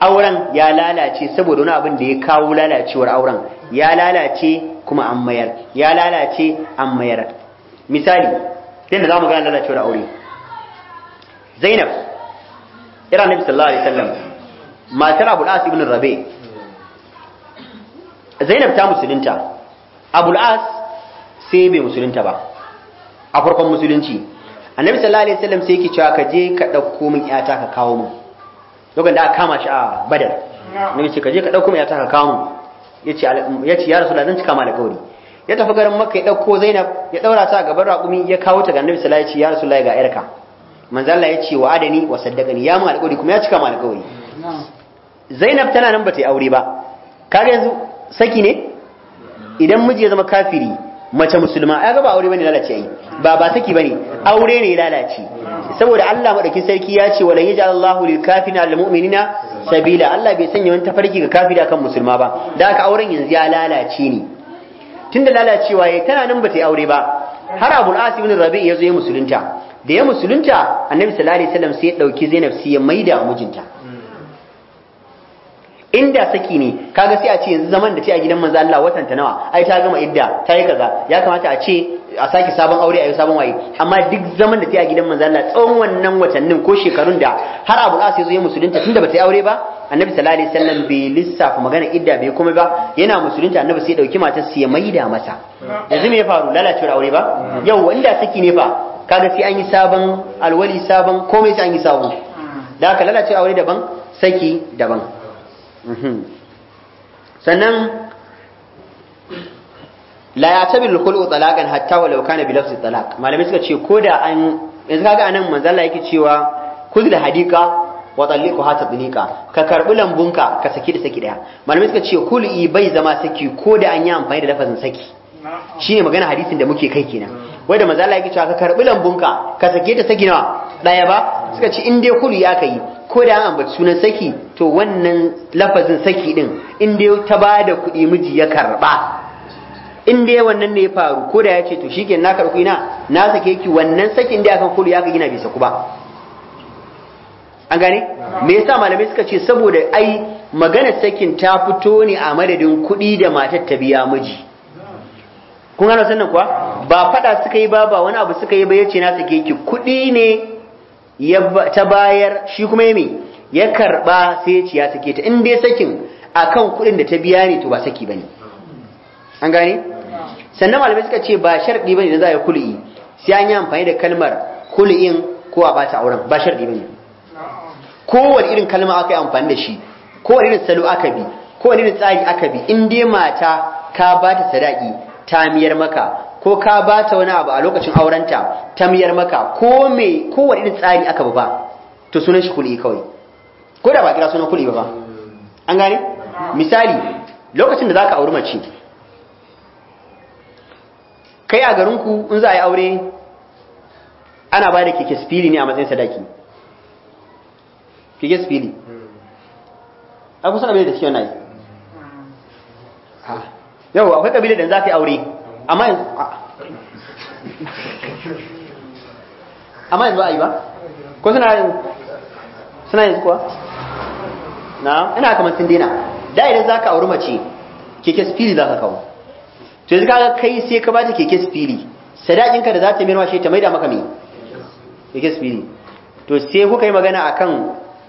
auren ya lalace saboda wani abin da ya kawo lalacewar auren ya lalace kuma an mayar ya lalace an mayar misali yadda za mu gane lalacewar aure zainab ira nabi sallallahu alaihi wasallam matar abu as ibn rabi zainab ta musulunta abu as sai bai musulunta ba a farkon musulunci annabi sallallahu alaihi wasallam sai yake cewa ka je ka dauko min yata ka kawo mu lokacin da aka kama shi a badar annabi sai ka je ka dauko min yata ka kawo mu yace yace ya rasulullahi zan cika mala gauri ya tafi garin makka ya dauko zainab ya daura ta gaban raƙumi ya kawo ta ga annabi sallallahu alaihi wasallam ya rasulullahi ga yarka manzala ya ce wa'adani wa saddaqani ya mu alƙawari kuma ya cika mu alƙawari Zainab tana nan bata yi aure ba kaga yanzu saki ne idan miji ya zama kafiri mace musulma ya ga ba aure bane lalace yi ba ba saki bane aure ne lalace saboda Allah madaukin sarki ya ce walan yaj'al Allahu lil kafina lil mu'minina sabila Allah bai sanya wani tafarki ga kafiri akan musulma ba da haka auren yanzu ya lalace ne tunda lalacewa yayi tana nan bata yi aure ba har Abu al-As ibn Rabi' ya zo ya musulunta da ya musulunta annabi sallallahu alaihi wasallam sai ya dauki Zainab sai ya maida mijinta inda saki ne kaga sai a ce yanzu zaman da ce a gidan manzo Allah watan ta nawa ai ta gama idda ta yi kaza ya kamata a ce a saki sabon aure a yi sabon waye amma duk zaman da ta yi a gidan manzo Allah tsawon wannan watannin ko shekarun da har Abu As yazo zo ya musulunta tunda ba ta yi aure ba Annabi sallallahu alaihi wasallam bai lissafa magana idda bai kuma ba yana musulunta Annabi sai ya dauki matar sai ya maida masa yanzu me ya faru lalacewar aure ba yau inda saki ne fa kaga sai an yi sabon alwali sabon komai sai an yi sabon da haka lalace aure daban saki daban mhm. sannan la ya tabi lukul talaqan hatta walau kana bi lafzi talaq malamai suka ce ko da an yanzu kaga anan manzo Allah yake cewa kuz da hadika wa talliqu hatta tadliqa ka karbi lambunka ka saki da saki daya malamai suka ce kul'i bai zama saki ko da an yi amfani da lafazin saki shine magana hadisin da muke kai kenan wai da manzo Allah yake cewa ka karbi lambunka ka sake ta saki nawa daya ba suka ci in dai kulu ya yi ko da an ambaci sunan saki to wannan lafazin saki din in dai ta bada kuɗi miji ya karba in dai wannan ne ya faru ko da ya ce to shikenan na karɓi ina na sake ki wannan sakin dai akan kulu ya kai gina bai saku ba an gane me yasa malamai suka ce saboda ai maganar sakin ta fito ne a madadin kuɗi da matar ta biya miji kun gano sannan kuwa ba fada suka yi ba ba wani abu suka yi ba ya na sake ki kuɗi ne ta bayar shi kuma me ya karba sai ya ce ya sake ta in dai sakin akan kuɗin da ta biya ne to ba saki bane an gane sannan malamai suka ce ba sharɗi bane da za a yi kul'i sai an yi amfani da kalmar kul'in ko a bata auren ba sharɗi bane kowane irin kalma aka yi amfani da shi kowane irin salo aka bi kowane irin tsari aka bi in dai mata ka bata sadaki Tamiyar maka ko ka ba ta wani abu a lokacin aurenta tamiyar maka ko me kowane irin tsari aka ba to sunan shi kuli kawai ko da ba kira sunan kuli ba an gane misali lokacin da zaka auri mace kai a garin ku in za a yi aure ana ba da keke spili ne a matsayin sadaki keke spili hmm. a kusa abin da suke wannan yi yau akwai kabilar da za ka yi aure amma yanzu amma ba a yi ba ko suna yin suna yin kuwa na ina kamar sun daina da idan za ka auri mace keke spiri za ka kawo to yanzu kaga kai sai ka bata keke spiri sadakinka da za ta mirma shi ta maida maka me keke spiri to sai kuka yi magana akan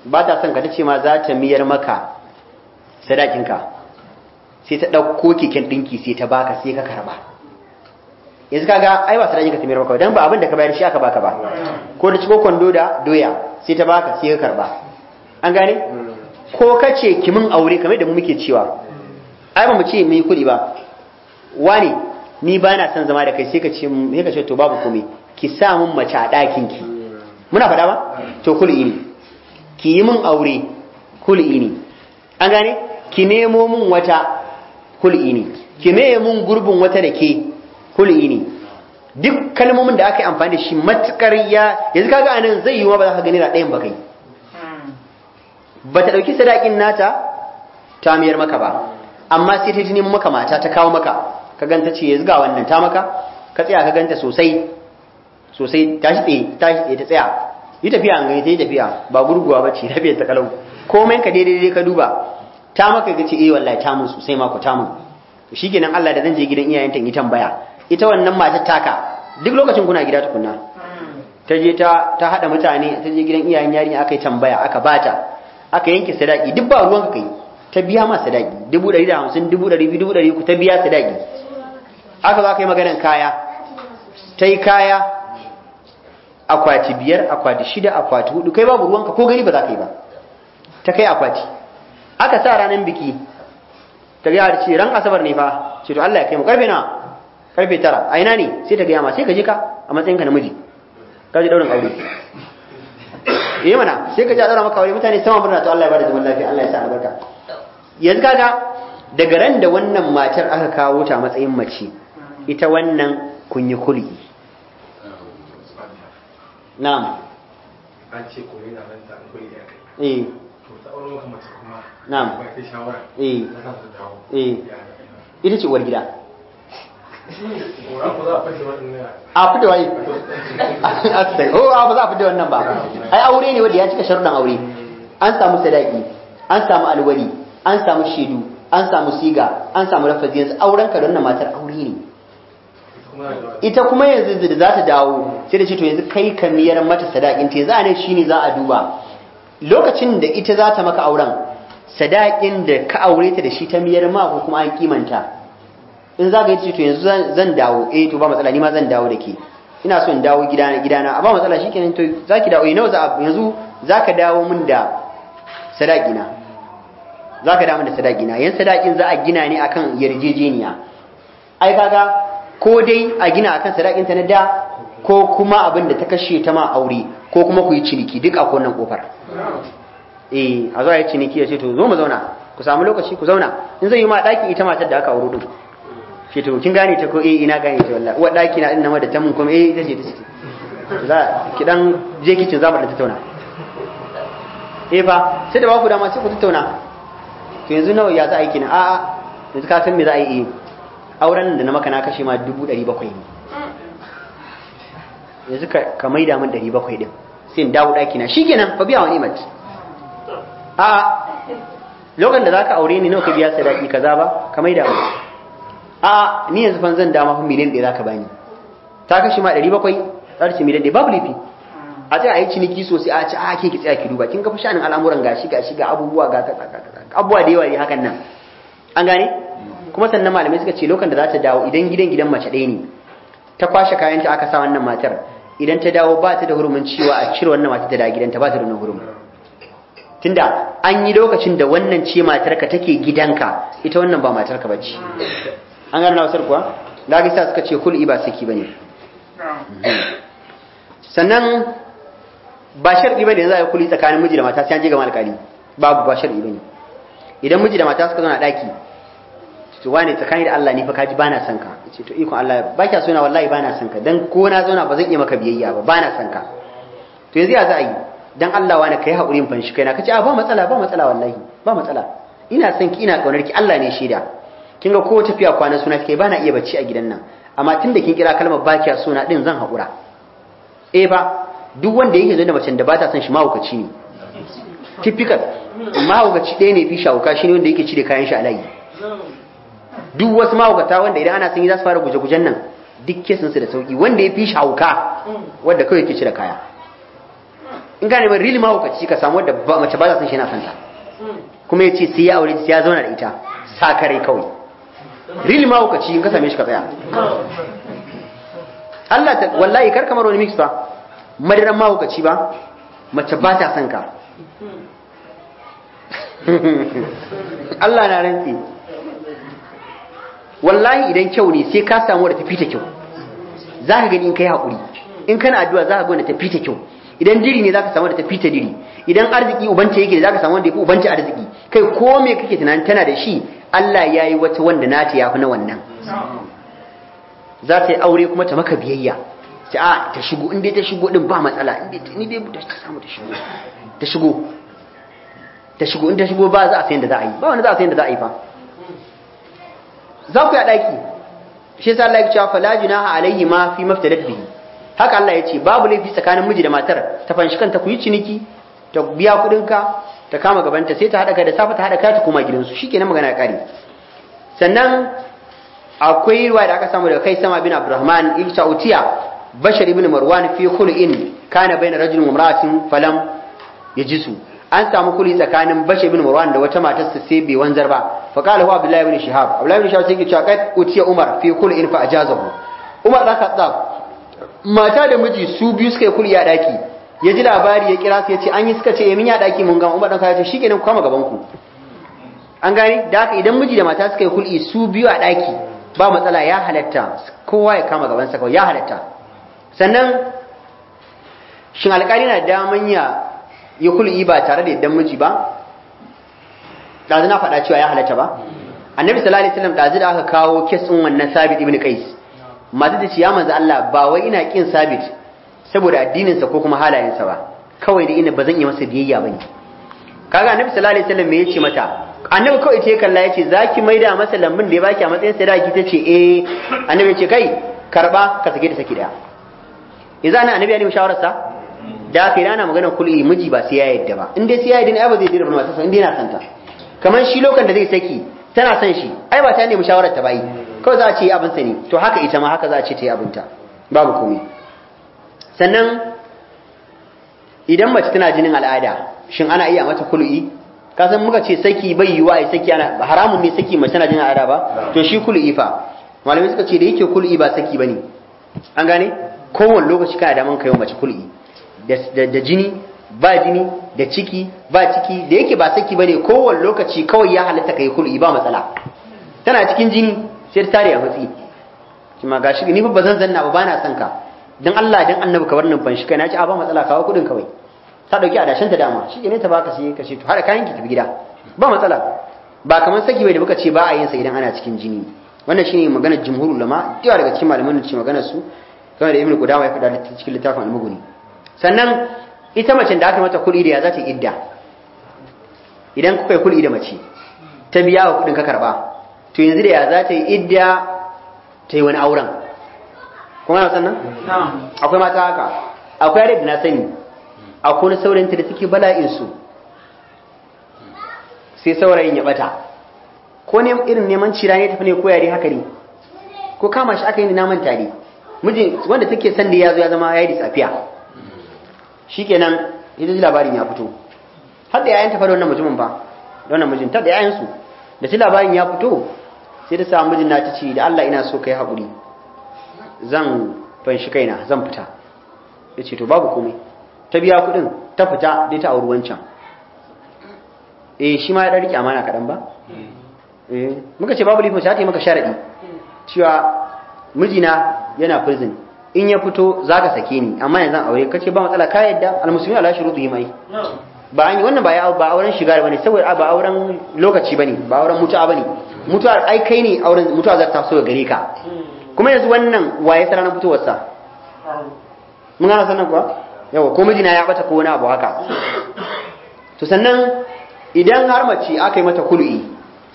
ba ta son ka ta ce ma za ta miyar maka sadakinka sai ta ɗauko keken ɗinki sai ta baka sai ka karba yanzu kaga ai ba sadaki ka tamir maka dan ba abin da ka bayar shi aka baka ba ko da ciko kwando da doya sai ta baka sai ka karba an gane ko ka ce kimin aure kamar da mu muke cewa ai ba mu ce mai kuɗi ba wani ni ba na son zama da kai sai ka ce sai ka ce to babu komai ki sa mun mace a ɗakin ki muna faɗa ba to kul'i ini ki yi mun aure kul'i ini an gane ki nemo mun wata hul'i ne ki meye mun gurbin wata da ke hul'i ne duk kalmomin da aka yi amfani da shi matukar ya yanzu kaga anan zai yi wa ba za ka gani na ɗayan ba kai ba ta ɗauki sadakin nata ta miyar maka ba amma sai ta jini maka mata ta kawo maka ka ganta ce yanzu ga wannan ta maka ka tsaya ka ganta sosai sosai tashi tsaye ta tsaya yi tafiya an gani ta yi tafiya ba gurguwa ba ce tafiya ta kalau komai ka daidai ka duba ta maka ga ce eh wallahi ta mun sosai ma ku ta mun to shikenan Allah da zan je gidan iyayenta in yi tambaya ita wannan matar taka duk lokacin kuna gida tukunna ta je ta ta hada mutane ta je gidan iyayen yarinya aka yi tambaya aka bata aka yanke sadaki duk ba ruwan kai ta biya ma sadaki dubu ɗari da hamsin dubu ɗari biyu dubu ɗari ku ta biya sadaki aka za ka yi maganar kaya ta yi kaya akwati biyar akwati shida akwati hudu kai babu ruwanka ko gani ba za ka yi ba ta kai akwati aka sa ranar biki ta ga ce ran asabar ne fa ce to Allah ya kai mu karfe na karfe tara a ina ne sai ta gaya ma sai ka je ka a matsayin ka namiji ka je daurin aure eh mana sai ka je a daura maka aure mutane sama murna to Allah ya bada zaman lafiya Allah ya sa albarka yanzu kaga daga ran da wannan matar aka kawo ta matsayin mace ita wannan kun yi kulki na'am an ce ko yana nan ta kulki eh to ta aure maka mace kuma na'am ba shawara eh. eh. ita ce a wai oh, a ba za a ba aure ne wanda ya cika sharuɗan aure an samu sadaki an samu alwari, an samu shaidu an samu siga an samu lafazi yanzu auren ka wannan matar aure ne ita kuma yanzu da za ta dawo sai da ce to yanzu kai ka miyar mata sadakin te za ne shine za a duba lokacin da ita za ta maka auren sadakin da ka aure ta da shi ta miyar ma ko kuma an kimanta in za ka yi to yanzu zan dawo eh to ba matsala ni ma zan dawo da ke ina so in dawo gidana gidana ba matsala shi kenan to za ki dawo eh, yanzu za ka dawo min da sadakina za ka dawo min da sadakina yan sadakin za a gina ne akan yarjejeniya ai kaga ko dai a gina akan sadakin ta na da ko kuma abin da ta kashe ta ma aure ko kuma ku yi ciniki duk a konan kofar eh a zuwa ya ciniki ya ce to zo mu zauna ku samu lokaci ku zauna in zai yi ma daki ita matar da aka auro din ce to kin gane ta ko eh ina gane ta wallahi uwar daki na inna da ta mun kuma eh ita ce ta ce za ki dan je kicin za mu dan tattauna eh fa sai da ba ku dama sai ku tattauna to yanzu nawa ya za a yi kina a'a yanzu ka san me za a yi eh, auren da na maka na kashe ma dubu ɗari bakwai ne yanzu ka maida min ɗari bakwai ɗin sai in dawo ɗaki na Shi kenan fa biya wa mace a lokacin da zaka aure ni nawa ka biya sadaki kaza ba ka maida mu a ni yanzu fa zan dama fa miliyan ɗaya zaka bani ta kashi ma 700 za ci miliyan ɗaya babu lifi a ce a yi ciniki sosai a ce a ke ki tsaya ki duba kin ga fa al'amuran gashi gashi ga abubuwa ga abubuwa da yawa ne hakan nan an gane kuma sannan malamai suka ce lokacin da za ta dawo idan gidan gidan mace ɗaya ne ta kwashe kayanta aka sa wannan matar idan ta dawo ba ta da hurumin cewa a cire wannan matar ta da gidanta ba ta da hurumin tunda an yi lokacin da wannan ce matarka take gidanka ita wannan ba matarka bace an gane wasar kuwa da sa suka ce kul'i ba saki bane sannan ba sharɗi bane za a yi kul'i tsakanin miji da mata sai an je ga alƙali babu ba sharɗi bane idan miji da mata suka zauna daki to wane tsakani da Allah ne fa kaji bana son ka ce to ikon Allah ba kya na wallahi bana son ka dan ko na zauna ba zan iya maka biyayya ba bana son ka to yanzu ya za a yi dan Allah wani kai haƙuri in fanshi kaina kace a ah, ba matsala ba matsala wallahi ba matsala ina son ki ina kaunar ki Allah ne shaida kin ga ko tafiya kwana suna kike ba na iya bacci a gidan nan amma tunda kin kira kalmar bakiya suna din zan haƙura eh ba duk wanda yake da macen da ba ta son shi mahaukaci ne typical mahaukaci ɗaya ne fi shawuka shi ne wanda yake cire kayan shi a layi duk wasu mahaukata wanda idan ana son yi za su fara guje-gujen nan duk kesinsu da sauki wanda ya fi shawuka wanda kawai yake cire kaya in ka neman rili mahaukaci ka samu wadda mace ba ta san shi na santa kuma ya ce sai ya aure sai ya zauna da ita sakare kawai rili mahaukaci in ka same shi ka tsaya Allah ta wallahi kar kamar wani mix ba madiran mahaukaci ba mace ba ta san ka Allah na rantsi wallahi idan kyau ne sai ka samu wadda ta fita kyau za ka gani in ka yi haƙuri in kana addu'a za ka gani ta fita kyau idan diri ne zaka samu da tafi ta diri idan arziki ubance yake zaka samu wanda yake ubance arziki kai ko me kake tunanin tana da shi Allah yayi wata wanda na ta yafi na wannan za ta yi aure kuma ta maka biyayya ta a ah, ta shigo in dai ta shigo din ba matsala in dai ni dai ta samu ta shigo ta shigo ta shigo in ta shigo ba za a san da za a yi ba wani za a san da za a yi fa za ku ya daki shi yasa Allah ya ce fa la junaha alayhi ma fi maftalat bihi haka Allah ya ce babu laifi tsakanin miji da matar ta fanshi kanta ku yi ciniki ta biya kuɗin ka ta kama gabanta sai ta haɗa ka da safa ta haɗa ka ta koma gidansu shikenan magana ya kare sannan akwai ruwa da aka samu daga kai sama bin Abdurrahman ibn Sautiya Bashar ibn Marwan fi khulu'in kana bayna rajul wa imra'atin falam yajisu an samu kuli tsakanin bashar bin Marwan da wata matar sa sai bai wanzar ba fa qala huwa abdullahi ibn Shihab abdullahi ibn Shihab sai ya ce qad utiya Umar fi kulli in fa ajazahu Umar da tsaf mata da miji su biyu suka yi kulli a daki ya ji labari ya kira su ya ce an yi suka ce yamin eh, ya daki mun gama umar dan kaya ce shikenan ku kama gaban ku an gane da haka idan miji da mata suka yi kulli su biyu a daki ba matsala ya halatta kowa ya kama gaban sa ya halatta sannan shin alƙali na daman ya yi kulli ba tare da idan miji ba ɗazu na faɗa cewa ya halatta ba annabi sallallahu alaihi wasallam ɗazu da aka kawo kes ɗin wannan sabit ibn qais mata ta ce ya manzo Allah ba wai ina kin sabit saboda addininsa ko kuma halayensa ba kawai da ina ba zan yi masa biyayya ba ne kaga annabi sallallahu alaihi wasallam me yace mata annabi kawai ta kalla yace zaki maida masa lambun da ya baki a matsayin sadaki tace eh annabi ce kai karba ka sake ta saki daya idan annabi ya nemi shawarar sa da kai idan ana magana kulli miji ba sai ya yadda ba in dai sai ya yadda ne ba zai dira ba sai in dai na santa kamar shi lokacin da zai saki tana son shi ai ba ta nemi shawarar ta bai kawai za a ce abin sa ne to haka ita ma haka za a ce ta yi abinta babu komai sannan idan mace tana jinin al'ada shin ana iya mata kul'i kasan muka ce saki bai wa ai saki ana haramun ne saki mace tana jinin al'ada ba to shi kulu'i fa malamai suka ce da yake kul'i ba saki bane an gane kowane lokaci kana daman wa mace kul'i da jini ba jini da ciki ba ciki da yake ba saki bane kowane lokaci kawai ya halatta kai kul'i ba matsala tana cikin jini sai ta tare a matsi kuma gashi ni ba bazan zanna ba bana son ka dan Allah dan annabi ka nan ban shi kai na ci a ba matsala kawo kudin kawai ta dauki adashin ta dama shi ne ta baka sai ka ce to har kayan ki tafi gida ba matsala ba kamar saki bai da muka ce ba a yin sa idan ana cikin jini wannan shine maganar jumhurul ulama da daga cikin malaman ce maganar su kamar da ibnu qudama ya faɗa cikin littafin al muguni sannan ita mace da aka mata kuɗi da ya za ta idda idan kuka yi kuɗi da mace ta biya wa kuɗin ka karɓa to yanzu da ya za ta yi idda ta yi wani auren kuma na sannan akwai mata haka akwai yare da na sani akwai wani saurayinta da suke bala'insu sai saurayin ya bata ko ne irin neman cira ne tafi ne ko yare haka ne ko kama shi aka yi naman tare mijin wanda take son da ya zo ya zama ya yi da tsafiya shikenan idan labarin ya fito har da yayan ta fara wannan mutumin ba wannan mijin ta da yayan su da shi labarin ya fito sai ta samu mijin ta ce da Allah ina so kai haƙuri zan shi kaina zan fita ya ce to babu komai ta biya kuɗin ta fita dai ta auri wancan eh shi ma ya ɗan riƙe amana kaɗan ba eh muka ce babu lifin sai ta yi maka sharaɗi cewa mijina yana prison in ya fito za ka sake ni amma yanzu aure kace ba matsala ka yadda almuslimin ala shuruɗi mai ba an yi wannan ba ya ba auren shiga bane saboda ba auren lokaci bane ba auren mutuwa bane mutuwa ai kai ne auren mutuwa za ta so gare ka hmm. kuma yanzu wannan waye tsara na fitowar sa mun gana sanan kuwa yawa ko mijina ya bata ko wani abu haka to sannan idan har mace aka yi mata kul'i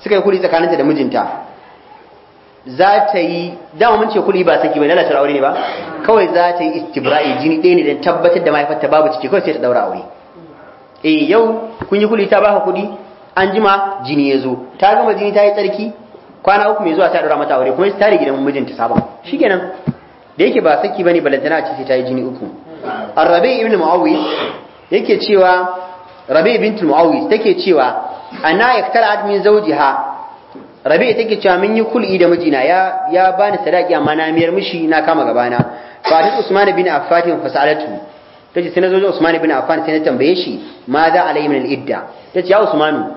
suka yi kul'i tsakaninta da mijinta za ta yi dama mun ce kuli ba saki bai lalatar aure ne ba kawai za ta yi istibra'i jini ɗaya ne don tabbatar da mahaifarta babu ciki kawai sai ta daura aure eh yau kun yi kuli ta baka kuɗi an jima jini ya zo ta gama jini ta yi tsarki kwana uku mai zuwa ta daura mata aure kuma ta gidan mijinta sabon shikenan da yake ba saki bane balantana a ce sai ta yi jini uku arabi ibn muawwi yake cewa rabi bint muawwi take cewa ana yaktar admin zawjiha rabi ita ke cewa mun yi kul'i da mijina ya ya bani sadaki amma na miyar mishi na kama gabana fa ta Usman bin Affan fa sa'alatu tace sai nazo Usman bin Affan sai na tambaye shi ma za alai min al-idda tace ya Usman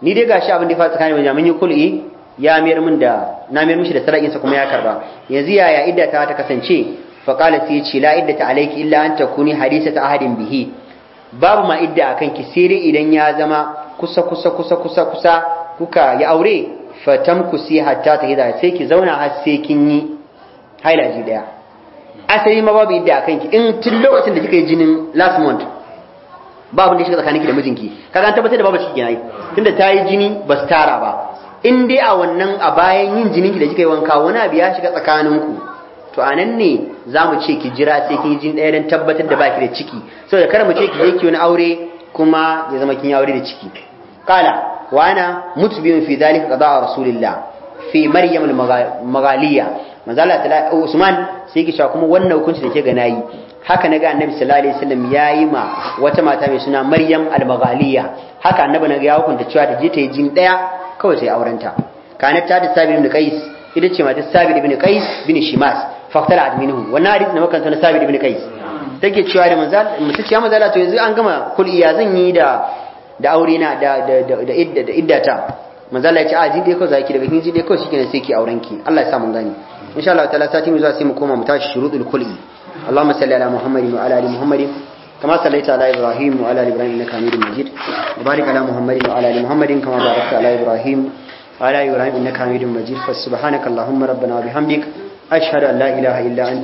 ni dai gashi abin da ya faru tsakanin mun yi kul'i ya miyar mun da na miyar mishi da sadakin sa kuma ya karba yanzu yaya idda ta ta kasance fa qala sai ce la ta alayki illa an takuni ta ahadin bihi babu ma idda akan ki sai dai idan ya zama kusa kusa kusa kusa kusa kuka ya aure fatan ku si hatta ta hida sai ki zauna har sai kin yi hailaji daya asali ma babu idda akan ki in tun lokacin da kika yi jinin last month babu ne shiga tsakanin ki da mijinki kaga an tabbatar da babu ciki yayi tunda ta yi jini ba su tara ba in dai a wannan a bayan yin jinin ki da kika yi wanka wani abu ya shiga tsakanin ku to anan ne zamu ce ki jira sai kin yi jini daya dan tabbatar da baki da ciki saboda kar mu ce ki je ki wani aure kuma ya zama kin yi aure da ciki kala wa ana mutbin fi dhalika qada'a rasulillah fi maryam al-maghaliya manzala ta usman sai ki sha kuma wannan hukunci da ke ga nayi haka naga annabi sallallahu alaihi wasallam yayi ma wata mata mai suna maryam al-maghaliya haka annabi naga ya hukunta cewa ta je ta yi jin daya kawai ta aurenta kanat ta da sabir ibn qais ita ce matar sabir ibn qais bin shimas faktala adminu wannan hadisi na makanta na sabir ibn qais take cewa da manzala mace ce manzala to yanzu an gama kuliya zan yi da da aure na da da idda da iddata manzo Allah ya ce a ji dai ko zaki daga kin ji dai ko shikenan sai ki auren ki Allah ya sa mun gani insha Allah ta'ala sati mu zuwa sai mu koma mu tashi shurutul kulli Allahumma salli ala Muhammadin wa ala ali Muhammadin كما صليت على إبراهيم وعلى آل إبراهيم إنك حميد مجيد وبارك على محمد muhammadin آل محمد كما باركت على إبراهيم وعلى آل إبراهيم إنك حميد مجيد فسبحانك اللهم ربنا وبحمدك أشهد أن لا إله إلا أنت